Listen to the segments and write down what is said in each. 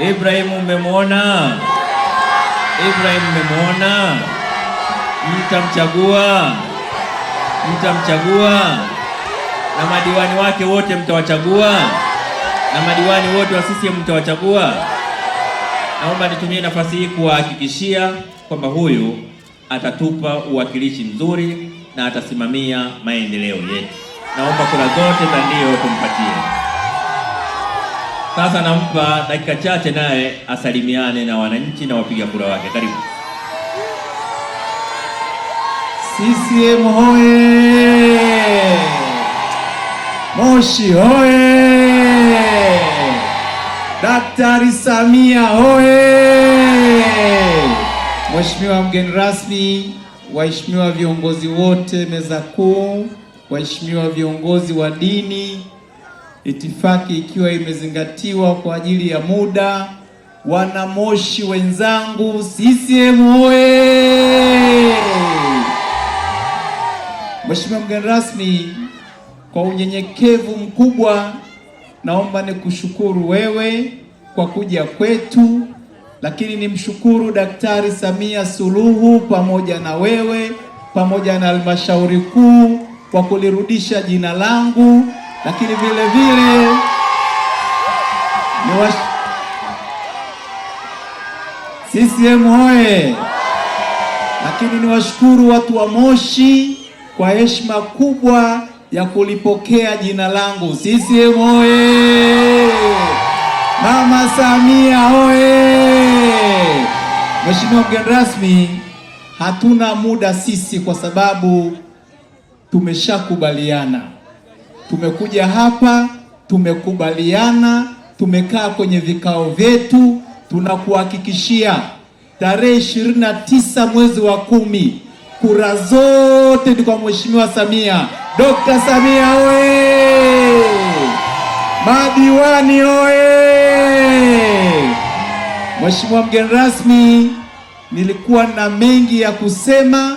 Ibrahimu mmemwona? Ibrahimu mmemwona? Mtamchagua, mtamchagua na madiwani wake wote mtawachagua, na madiwani wote wa CCM mtawachagua. Naomba nitumie nafasi hii kuwahakikishia kwamba huyu atatupa uwakilishi mzuri na atasimamia maendeleo yetu. Naomba kura zote za ndio tumpatie. Sasa nampa dakika chache naye asalimiane na wananchi na wapiga kura wake. Karibu. CCM hoye! Moshi hoye! Daktari Samia hoye! Mheshimiwa mgeni rasmi, waheshimiwa viongozi wote meza kuu, waheshimiwa viongozi wa dini itifaki ikiwa imezingatiwa kwa ajili ya muda. Wanamoshi wenzangu, CCM oye! Mheshimiwa mgeni rasmi, kwa unyenyekevu mkubwa naomba nikushukuru wewe kwa kuja kwetu, lakini nimshukuru Daktari Samia Suluhu pamoja na wewe pamoja na halmashauri kuu kwa kulirudisha jina langu lakini vile vile ni wa CCM hoye! Lakini niwashukuru watu wa Moshi kwa heshima kubwa ya kulipokea jina langu. CCM hoye! Mama Samia hoye! Mheshimiwa mgeni rasmi, hatuna muda sisi kwa sababu tumeshakubaliana Tumekuja hapa, tumekubaliana, tumekaa kwenye vikao vyetu. Tunakuhakikishia tarehe tisa mwezi wa kumi, kura zote ni kwa Mheshimiwa Samia. Dr. Samia oye! Madiwani oye! Mheshimiwa mgeni rasmi, nilikuwa na mengi ya kusema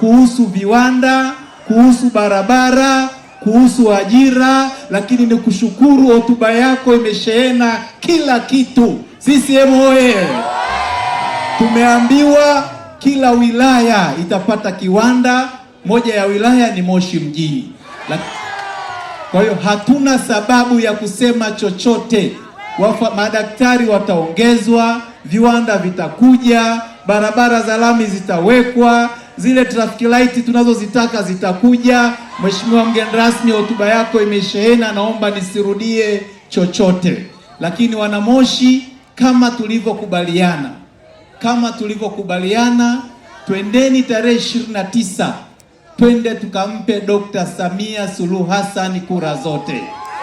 kuhusu viwanda, kuhusu barabara kuhusu ajira, lakini ni kushukuru hotuba yako imeshehena kila kitu. CCM oye! Tumeambiwa kila wilaya itapata kiwanda, moja ya wilaya ni Moshi mjini. Kwa hiyo hatuna sababu ya kusema chochote. Wafa, madaktari wataongezwa, viwanda vitakuja, barabara za lami zitawekwa zile traffic light tunazozitaka zitakuja. Mheshimiwa mgeni rasmi, hotuba yako imeshehena, naomba nisirudie chochote, lakini wanamoshi, kama tulivyokubaliana, kama tulivyokubaliana, twendeni tarehe ishirini na tisa twende tukampe Dr. Samia Suluhu Hassan kura zote.